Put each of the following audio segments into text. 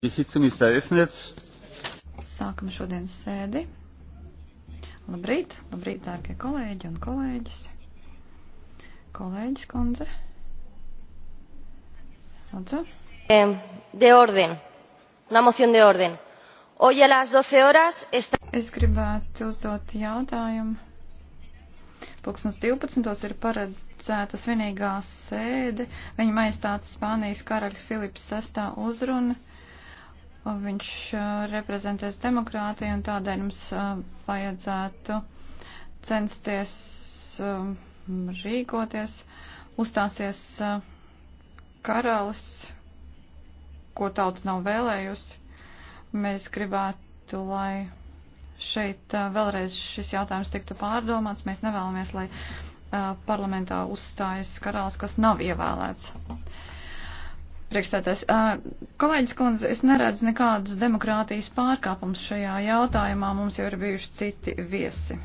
Sākam šodienas sēdi. Labrīt, labrīt, dārgie kolēģi un kolēģis. Kolēģis kundze. Lūdzu. De orden. Una moción de orden. Hoy a las 12 horas está... Es gribētu uzdot jautājumu. Pūkstens 12. ir paredzēta svinīgā sēde. Viņam aizstāts Spānijas karaļa Filips VI uzruna Viņš uh, reprezentēs demokrātiju un tādēļ mums uh, vajadzētu censties um, rīkoties. Uzstāsies uh, karalis, ko tauta nav vēlējusi. Mēs gribētu, lai šeit vēlreiz šis jautājums tiktu pārdomāts. Mēs nevēlamies, lai parlamentā uzstājas karalis, kas nav ievēlēts. Priekšstādājs, kolēģis kundze, es neredzu nekādus demokrātijas pārkāpumus šajā jautājumā, mums jau ir bijuši citi viesi.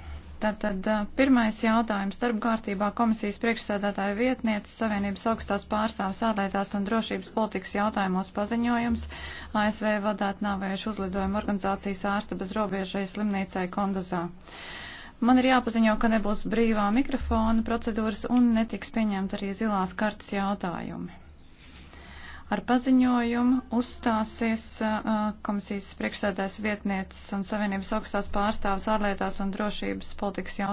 Tātad pirmais jautājums starp kārtībā komisijas priekšsēdētāja vietnieces Savienības augstās pārstāvs ārlietās un drošības politikas jautājumos paziņojums ASV vadāt nāvējuši uzlidojumu organizācijas ārsta bez robežai slimnīcai Kondozā. Man ir jāpaziņo, ka nebūs brīvā mikrofona procedūras un netiks pieņemt arī zilās kartas jautājumi. Ar paziņojumu uzstāsies uh, komisijas priekšsēdājas vietnieces un Savienības augstās pārstāvas ārlietās un drošības politikas jautājumus.